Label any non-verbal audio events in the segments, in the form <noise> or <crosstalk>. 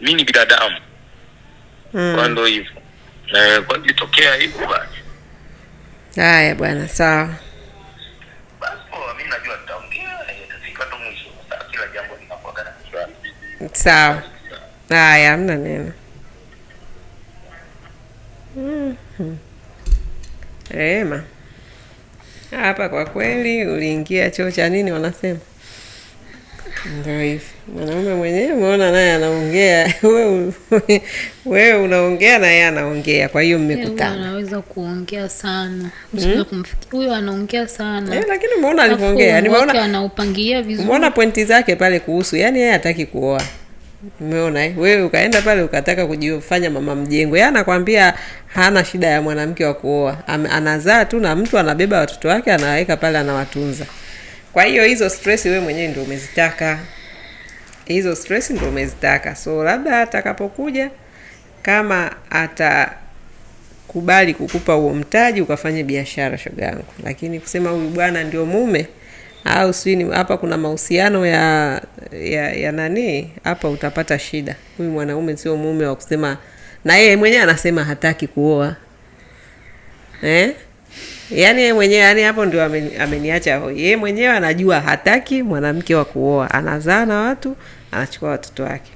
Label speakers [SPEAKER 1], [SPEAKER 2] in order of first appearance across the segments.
[SPEAKER 1] mi ni binadamu mm. kwa ndo hivyo na kwa ilitokea hivyo basi.
[SPEAKER 2] Haya bwana, sawa sawa. Haya, hamna neno. Mm-hmm. Rehema, hapa kwa kweli uliingia choo cha nini wanasema? Ndio mwanaume mwenyewe umeona, naye anaongea, <laughs> <laughs> wewe unaongea na yeye anaongea, kwa hiyo mmekutana.
[SPEAKER 3] kuongea sana, hmm? huyo anaongea sana
[SPEAKER 2] eh, lakini umeona alivyoongea,
[SPEAKER 3] anaupangilia vizuri,
[SPEAKER 2] umeona pointi zake pale kuhusu, yani yeye hataki kuoa Umeona eh? Wewe ukaenda pale ukataka kujifanya mama mjengo. Yeye anakwambia hana shida ya mwanamke wa kuoa, anazaa tu na mtu anabeba watoto wake anawaweka pale, anawatunza. Kwa hiyo hizo stress wewe mwenyewe ndio umezitaka, hizo stress ndio umezitaka. So labda atakapokuja, kama atakubali kukupa huo mtaji ukafanye biashara, shoga yangu, lakini kusema huyu bwana ndio mume au sijui hapa kuna mahusiano ya ya, ya nani hapa, utapata shida. Huyu mwanaume sio mume wa kusema, na yeye mwenyewe anasema hataki kuoa eh? yani yeye mwenyewe yani hapo ndio ameniacha ho. Yeye mwenyewe anajua hataki mwanamke wa kuoa, anazaa na watu, anachukua watoto wake.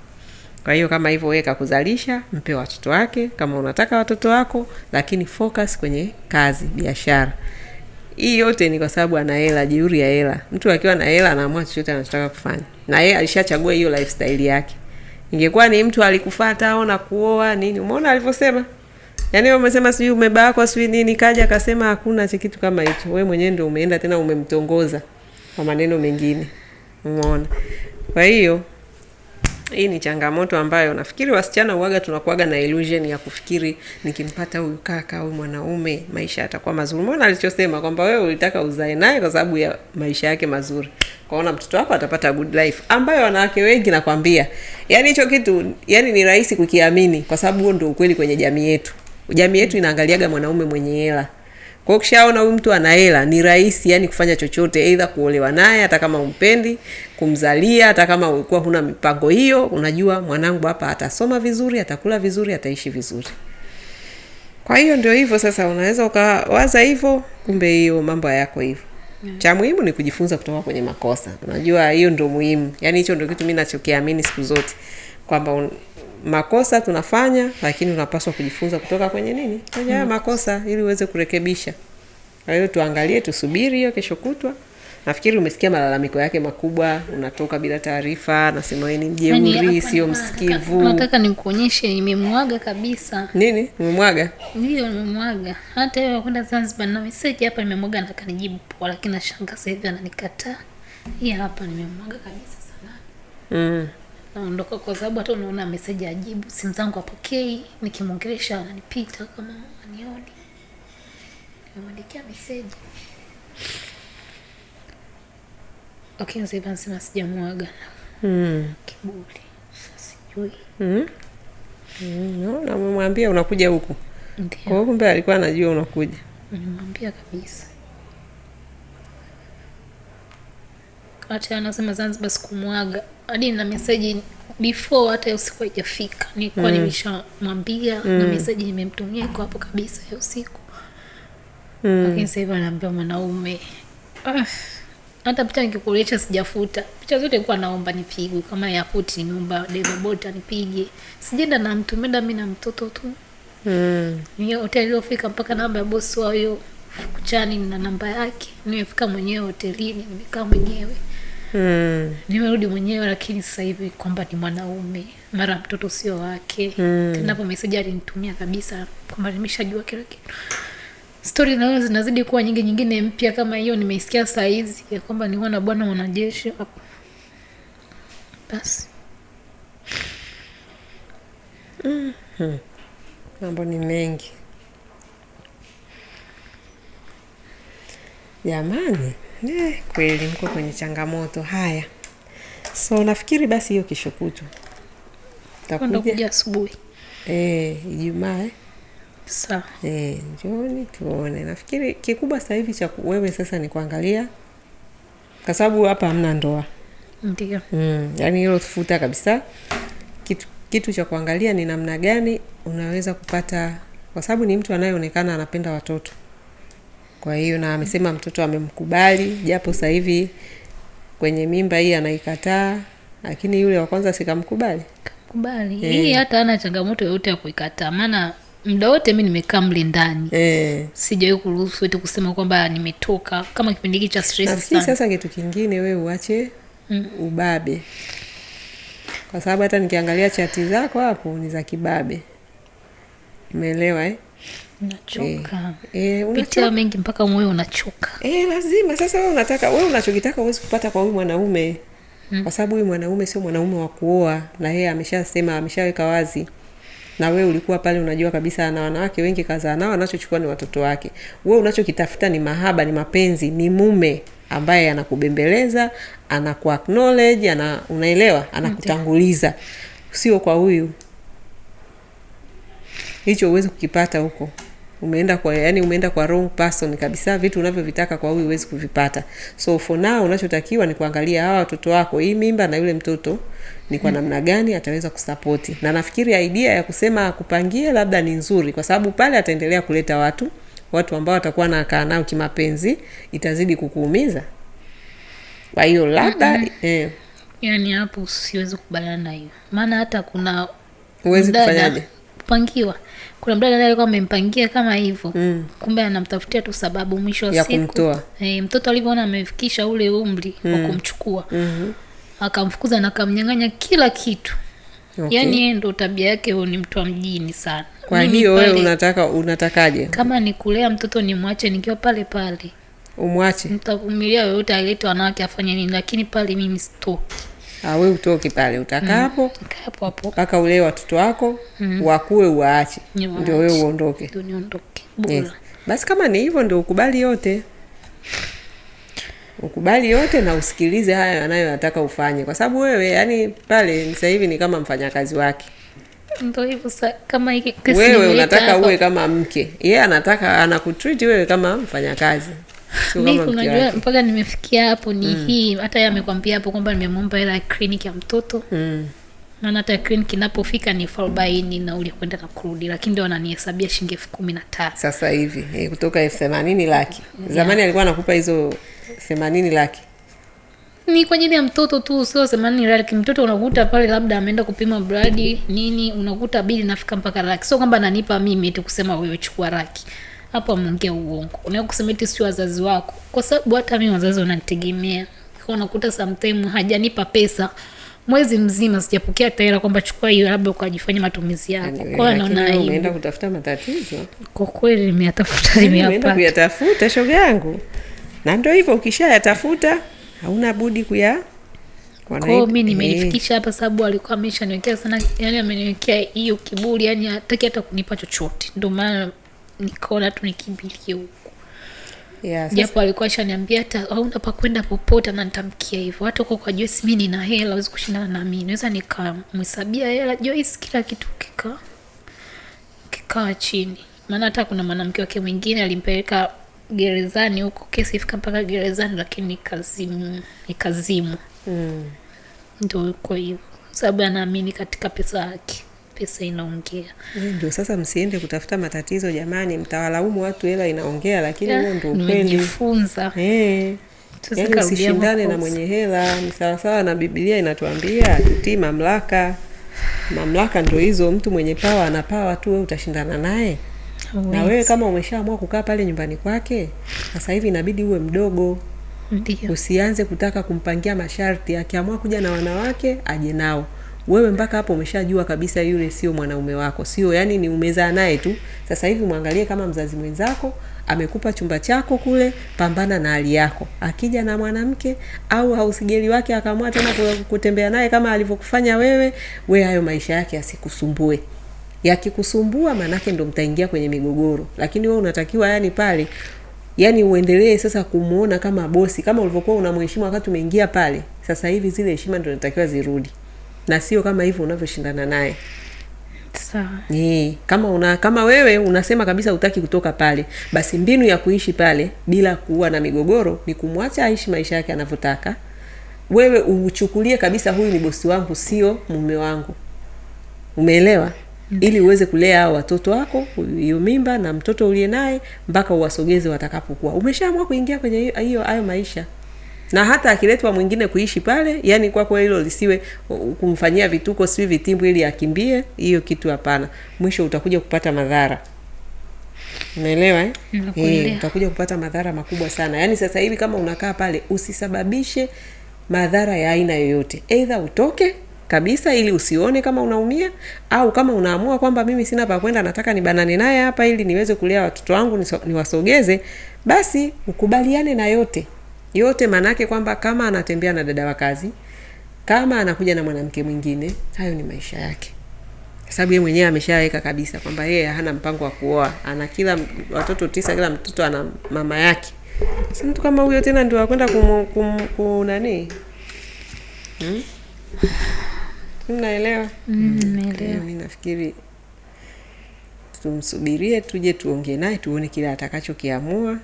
[SPEAKER 2] Kwa hiyo kama hivyo, wewe kakuzalisha, mpe watoto wake kama unataka watoto wako, lakini focus kwenye kazi, biashara. Hii yote ni kwa sababu ana hela, jeuri ya hela. Mtu akiwa na hela anaamua chochote anachotaka kufanya, na yeye alishachagua hiyo lifestyle yake. Ingekuwa ni mtu alikufuata au kuoa nini, umeona alivyosema Yaani wewe umesema sijui umebakwa sijui nini, kaja akasema hakuna cha kitu kama hicho. Wewe mwenyewe ndio umeenda tena umemtongoza kwa maneno mengine. Umeona? Kwa hiyo hii ni changamoto ambayo nafikiri wasichana uwaga tunakuaga na illusion ya kufikiri nikimpata huyu kaka au mwanaume maisha yatakuwa mazuri. Umeona alichosema kwamba wewe ulitaka uzae naye kwa sababu ya maisha yake mazuri, kaona mtoto wako atapata good life, ambayo wanawake wengi nakwambia, yaani hicho kitu yani ni rahisi kukiamini, kwa sababu huo ndio ukweli kwenye jamii yetu jamii yetu inaangaliaga mwanaume mwenye hela. Kwa hiyo ukishaona huyu mtu ana hela ni rahisi yani kufanya chochote, aidha kuolewa naye hata kama umpendi, kumzalia hata kama ulikuwa huna mipango hiyo. Unajua mwanangu hapa atasoma vizuri, atakula vizuri, ataishi vizuri. Kwa hiyo ndio hivyo sasa, unaweza ukawaza hivyo, kumbe hiyo mambo yako hivyo. Yeah. Cha muhimu ni kujifunza kutoka kwenye makosa. Unajua hiyo ndio muhimu, yaani hicho ndio kitu mimi nachokiamini siku zote kwamba makosa tunafanya, lakini tunapaswa kujifunza kutoka kwenye nini, kwenye haya hmm. makosa ili uweze kurekebisha. Kwa hiyo tuangalie, tusubiri hiyo kesho kutwa. Nafikiri umesikia malalamiko yake makubwa, unatoka bila taarifa, nasema ni yaani mjeuri, sio msikivu.
[SPEAKER 3] Nataka nikuonyeshe, nimemwaga kabisa.
[SPEAKER 2] Nini umemwaga?
[SPEAKER 3] Ndio, nimemwaga. Hata hiyo kwenda Zanzibar na meseji hapa, nimemwaga na kanijibu poa, lakini nashanga sahivi ananikataa. hiy hapa nimemwaga kabisa sana. Mm naondoka, kwa sababu hata unaona meseji ajibu, simu zangu apokei, nikimwongelesha ananipita kama anioni, namwandikia meseji Okay, sasa nasema sijamwaga mm. Kiburi sijui
[SPEAKER 2] mm. mm, namwambia unakuja huku. Kwa kumbe alikuwa anajua unakuja.
[SPEAKER 3] Nimwambia kabisa. Hata anasema Zanzibar sikumwaga hadi na meseji before hata usiku haijafika nilikuwa mm. nimeshamwambia mm. na meseji nimemtumia iko hapo kabisa ya usiku mm. lakini sasa hivi anaambia mwanaume ah, hata picha nikikuresha sijafuta picha zote kuwa naomba nipigwe kama yakuti niomba devobota nipige sijenda na mtu menda mi na mtoto tu mm. hoteli iliofika mpaka namba ya bosi wa kuchani na namba yake nimefika mwenyewe hotelini nimekaa mwenyewe mm
[SPEAKER 2] mm.
[SPEAKER 3] nimerudi mwenyewe, lakini sasa hivi kwamba ni mwanaume, mara mtoto sio wake mm. tenapo meseji alinitumia kabisa kwamba nimeshajua kila kitu. Stori naona zinazidi kuwa nyingi, nyingine mpya kama hiyo nimeisikia sahizi ya kwamba nilikuwa na bwana mwanajeshi. Basi
[SPEAKER 2] hmm. mambo mm ni mengi jamani. Eh, kweli mko kwenye changamoto. Haya, so nafikiri basi hiyo kesho kutu
[SPEAKER 3] takuja asubuhi
[SPEAKER 2] eh, Ijumaa eh? Sawa eh, njoni tuone. Nafikiri kikubwa sasa hivi cha wewe sasa ni kuangalia, kwa sababu hapa hamna ndoa. Ndio. Mm, yani hilo tufuta kabisa. Kitu, kitu cha kuangalia ni namna gani unaweza kupata, kwa sababu ni mtu anayeonekana anapenda watoto kwa hiyo na amesema mtoto amemkubali, japo sasa hivi kwenye mimba hii anaikataa, lakini yule wa kwanza sikamkubali
[SPEAKER 3] kubali yeah. Hii hata ana changamoto yoyote ya kuikataa, maana muda wote mi nimekaa mle ndani yeah. Sijawahi kuruhusu eti kusema kwamba nimetoka, kama kipindi hiki cha
[SPEAKER 2] stress sana. Sasa kitu kingine we uache mm. ubabe, kwa sababu hata nikiangalia chati zako hapo ni za kibabe, umeelewa eh?
[SPEAKER 3] unachoka e, mengi mpaka moyo unachoka
[SPEAKER 2] e, lazima sasa we unataka we unachokitaka huwezi kupata kwa huyu mwanaume mm. kwa sababu huyu mwanaume sio mwanaume wa kuoa na yeye ameshasema ameshaweka wazi na we ulikuwa pale unajua kabisa ana wanawake wengi kazaa nao anachochukua ni watoto wake we unachokitafuta ni mahaba ni mapenzi ni mume ambaye anakubembeleza anaku ana unaelewa anakutanguliza sio kwa huyu hicho uwezi kukipata huko umeenda kwa yani umeenda kwa wrong person kabisa. Vitu unavyovitaka kwa huyu huwezi kuvipata. So for now unachotakiwa ni kuangalia hawa watoto wako, hii mimba na yule mtoto ni kwa namna gani ataweza kusapoti. Na nafikiri idea ya kusema akupangie labda ni nzuri, kwa sababu pale ataendelea kuleta watu watu ambao watakuwa na kaa nao kimapenzi, itazidi kukuumiza. Kwa hiyo labda mm -hmm. eh.
[SPEAKER 3] Yani hapo siwezi kukubaliana na hiyo, maana hata kuna
[SPEAKER 2] huwezi kufanyaje
[SPEAKER 3] kupangiwa kuna mdada naye alikuwa amempangia kama hivyo mm. kumbe anamtafutia tu sababu mwisho wa ya siku E, mtoto alivyoona amefikisha ule umri mm. wa kumchukua mm-hmm. akamfukuza na akamnyang'anya kila kitu okay. yaani yeye ndo tabia yake huyo ni mtu wa mjini sana
[SPEAKER 2] kwa hiyo wewe unataka unatakaje
[SPEAKER 3] kama ni kulea mtoto nimwache nikiwa pale pale umwache mtavumilia yoyote alete wanawake afanye nini lakini pale mimi sitoki
[SPEAKER 2] Ah, we utoki pale, utakapo mm. hapo mpaka ulee watoto wako mm. wakue, uwaache ndio we uondoke. Yes. Basi kama ni hivyo, ndio ukubali yote, ukubali yote na usikilize haya nataka ufanye, kwa sababu wewe yani pale sasa hivi ni kama mfanyakazi wake
[SPEAKER 3] kama wewe
[SPEAKER 2] unataka uwe kama mke, yeye yeah, anataka anakutreat wewe kama mfanyakazi
[SPEAKER 3] mi unajua mpaka nimefikia hapo ni mm. hii hata ye amekwambia hapo kwamba nimemwomba hela ya kliniki ya mtoto mm maana hata kliniki inapofika ni elfu nauli ya kwenda na kurudi, lakini ndio ananihesabia shilingi elfu kumi na tatu
[SPEAKER 2] sasa hivi eh, kutoka elfu themanini laki mm, yeah. Zamani alikuwa anakupa hizo themanini laki
[SPEAKER 3] ni kwa ajili ya mtoto tu, sio themanini laki. Mtoto unakuta pale labda ameenda kupima bradi nini, unakuta bili nafika mpaka laki, sio kwamba nanipa mimi tu kusema wewe chukua laki hapo ameongea uongo. Unaweza kusema eti si wazazi wako, kwa sababu hata mimi wazazi wananitegemea. unakuta sometime hajanipa pesa mwezi mzima sijapokea taera kwamba chukua hiyo labda ukajifanya matumizi yako.
[SPEAKER 2] Kwa hiyo naona aibu. Umeenda kutafuta matatizo.
[SPEAKER 3] Kwa kweli nimeyatafuta, nimeyapata.
[SPEAKER 2] Kuyatafuta shoga yangu, na ndio hivyo, ukishayatafuta hauna budi kuya
[SPEAKER 3] kwao. Mi nimeifikisha eh. hapa sababu alikuwa ameshaniwekea sana, yani ameniwekea hiyo kiburi, yani hataki hata kunipa chochote, ndio maana nikaona tu nikimbilie huku japo alikuwa shaniambia hata auna pa kwenda popote na nitamkia hivyo hata uko kwa Joyce mi nina hela awezi kushindana na mi naweza nikamhesabia hela Joyce kila kitu kika kikaa chini maana hata kuna mwanamke wake mwingine alimpeleka gerezani huko kesi ifika mpaka gerezani lakini nikazimwa mm. ndo uko hivo sababu anaamini katika pesa yake pesa inaongea.
[SPEAKER 2] Ndio sasa, msiende kutafuta matatizo jamani, mtawalaumu watu, hela inaongea, lakini huo ndio eh, ukweli. Eh, yaani usishindane na mwenye hela, ni sawasawa na Biblia inatuambia tutii mamlaka. Mamlaka ndio hizo, mtu mwenye pawa ana pawa tu, wewe utashindana naye? na wewe kama umeshaamua kukaa pale nyumbani kwake, sasa hivi inabidi uwe mdogo. Ndiyo. Usianze kutaka kumpangia masharti. Akiamua kuja na wanawake aje nao wewe mpaka hapo umeshajua kabisa yule sio mwanaume wako, sio yani ni umezaa naye tu. Sasa hivi mwangalie kama mzazi mwenzako amekupa chumba chako kule, pambana na hali yako. Akija na mwanamke au hausigeli wake akaamua tena kutembea naye kama alivyokufanya wewe, we hayo maisha yake asikusumbue. Yakikusumbua maanake ndo mtaingia kwenye migogoro, lakini wewe unatakiwa yani pale yani uendelee sasa kumuona kama bosi, kama ulivyokuwa unamheshimu wakati umeingia pale. Sasa hivi zile heshima ndo natakiwa zirudi na sio kama hivyo unavyoshindana naye. kama una kama wewe unasema kabisa utaki kutoka pale, basi mbinu ya kuishi pale bila kuwa na migogoro ni kumwacha aishi maisha yake anavyotaka. Wewe uchukulie kabisa, huyu ni bosi wangu, sio mume wangu. Umeelewa? Mm-hmm. Ili uweze kulea hao watoto wako, hiyo mimba na mtoto uliye naye, mpaka uwasogeze watakapokuwa. Umeshaamua kuingia kwenye hiyo hayo maisha na hata akiletwa mwingine kuishi pale, yani kwako hilo lisiwe kumfanyia vituko, si vitimbu ili akimbie, hiyo kitu hapana. Mwisho utakuja kupata madhara. Umeelewa eh? Eh, utakuja kupata madhara makubwa sana. Yaani sasa hivi kama unakaa pale usisababishe madhara ya aina yoyote. Either utoke kabisa ili usione kama unaumia au kama unaamua kwamba mimi sina pa kwenda, nataka nibanane naye hapa ili niweze kulea watoto wangu niwasogeze, basi ukubaliane na yote yote maanake kwamba kama anatembea na dada wa kazi, kama anakuja na mwanamke mwingine, hayo ni maisha yake, sababu yeye mwenyewe ameshaweka kabisa kwamba yeye hana mpango wa kuoa. Ana kila watoto tisa, kila mtoto ana mama yake. si mtu kama huyo tena ndio akwenda kum, kum, kum nani hmm? naelewa
[SPEAKER 3] mm,
[SPEAKER 2] nafikiri tumsubirie tuje tuongee naye tuone kile atakachokiamua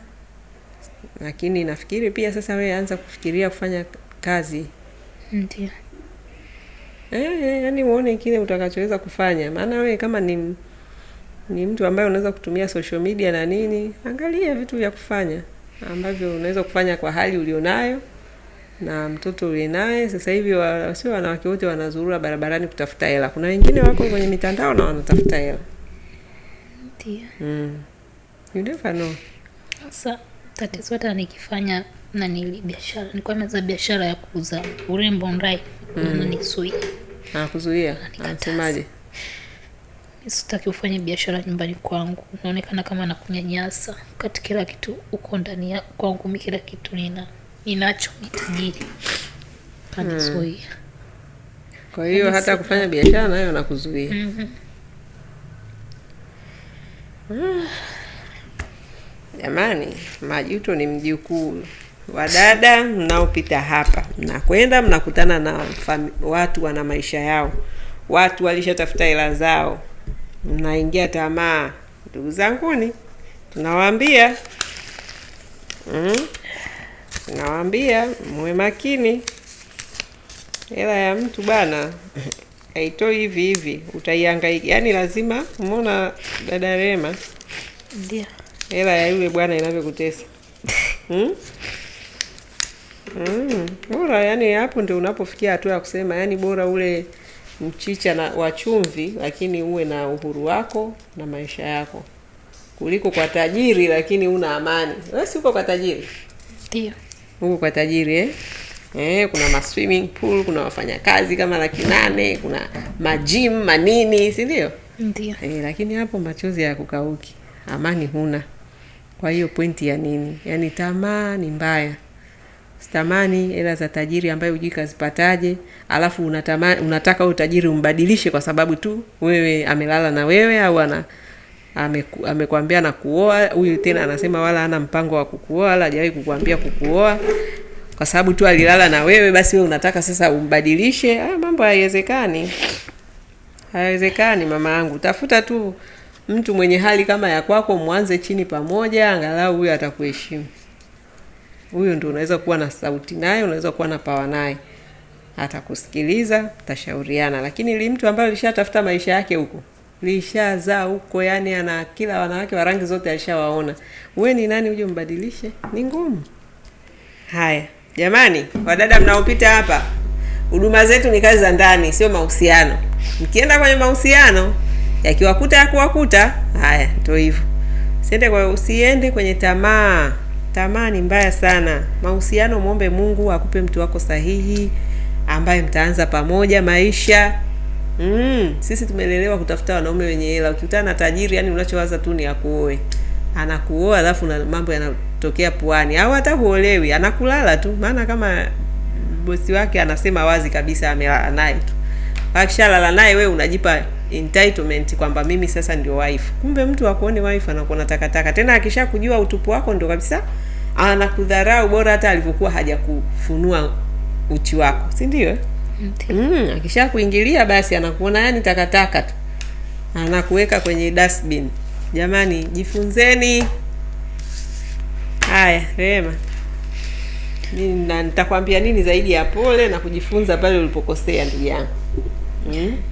[SPEAKER 2] lakini nafikiri pia sasa wewe anza kufikiria kufanya kazi ndio eh, eh yani uone kile utakachoweza kufanya maana wewe kama ni ni mtu ambaye unaweza kutumia social media na nini angalia vitu vya kufanya ambavyo unaweza kufanya kwa hali ulionayo na mtoto uliye naye sasa hivi wa, sio wanawake wote wanazurura barabarani kutafuta hela kuna wengine wako kwenye mitandao na wanatafuta hela mm. you never know
[SPEAKER 3] Asa tatizo hata nikifanya na biashara nikuwa meza biashara ya kuuza urembo online mm.
[SPEAKER 2] Ah, ah,
[SPEAKER 3] sitaki ufanye biashara nyumbani kwangu naonekana kama nakunyanyasa kati kila kitu uko ndani ya kwangu mi kila kitu nina ninacho ni kanizuia hmm.
[SPEAKER 2] kwa hiyo yaani hata kufanya biashara nayo nakuzuia mm-hmm. Ah, Jamani, Majuto ni mjukuu wa dada mnaopita hapa, mnakwenda mnakutana na fami, watu wana maisha yao, watu walishatafuta hela zao, mnaingia tamaa. Ndugu zanguni, tunawaambia mm, tunawaambia muwe makini. Hela ya mtu bana haitoi hivi hivi, utaihangaika. Yani lazima, umeona dada Rema, ndio hela ya yule bwana inavyokutesa hmm? Mm, bora yani, hapo ndio unapofikia hatua ya kusema yani bora ule mchicha na wa chumvi, lakini uwe na uhuru wako na maisha yako kuliko kwa tajiri, lakini una amani. Wewe si uko kwa tajiri? Ndio, uko kwa tajiri eh? Eh, kuna ma swimming pool, kuna wafanyakazi kama laki nane, kuna majim manini, si ndio? Ndio eh, lakini hapo machozi ya kukauki, amani huna. Kwa hiyo pointi ya nini? Yaani tamaa ni mbaya. stamani hela za tajiri ambaye hujui kazipataje, alafu unatama, unataka utajiri umbadilishe kwa sababu tu wewe amelala na wewe au ana ameku, amekwambia na kuoa huyu, tena anasema wala ana mpango wa kukuoa wala hajawahi kukuambia kukuoa, kwa sababu tu alilala na wewe, basi wewe unataka sasa umbadilishe. Ah, mambo hayawezekani, hayawezekani mama yangu, tafuta tu mtu mwenye hali kama ya kwako, mwanze chini pamoja, angalau huyo atakuheshimu. Huyo ndio unaweza kuwa na sauti naye, unaweza kuwa na pawa naye, atakusikiliza, tashauriana Lakini ili mtu ambaye alishatafuta maisha yake huko lishazaa huko, yani ana kila wanawake wa rangi zote alishawaona, we ni nani uje mbadilishe? Ni ngumu. Haya jamani, wadada mnaopita hapa, huduma zetu ni kazi za ndani, sio mahusiano. Mkienda kwenye mahusiano yakiwakuta yakuwakuta. Haya, ndio hivyo, usiende kwa usiende kwenye tamaa. Tamaa ni mbaya sana. Mahusiano, muombe Mungu akupe mtu wako sahihi ambaye mtaanza pamoja maisha. Mm, sisi tumelelewa kutafuta wanaume wenye hela. Ukikutana na tajiri, yani unachowaza tu ni akuoe, anakuoa alafu na mambo yanatokea puani, au hata huolewi, anakulala tu, maana kama bosi wake anasema wazi kabisa amelala naye tu, akishalala naye, wewe unajipa entitlement kwamba mimi sasa ndio wife. Kumbe mtu akuone wife, anakuona takataka. Tena akishakujua utupu wako ndio kabisa anakudharau, bora hata alivyokuwa hajakufunua uchi wako, si ndio? Eh? Mm, akishakuingilia basi anakuona yani takataka tu, anakuweka kwenye dustbin. Jamani, jifunzeni haya. Rehema, nitakwambia nini zaidi ya pole na kujifunza pale ulipokosea, ndugu yangu mm?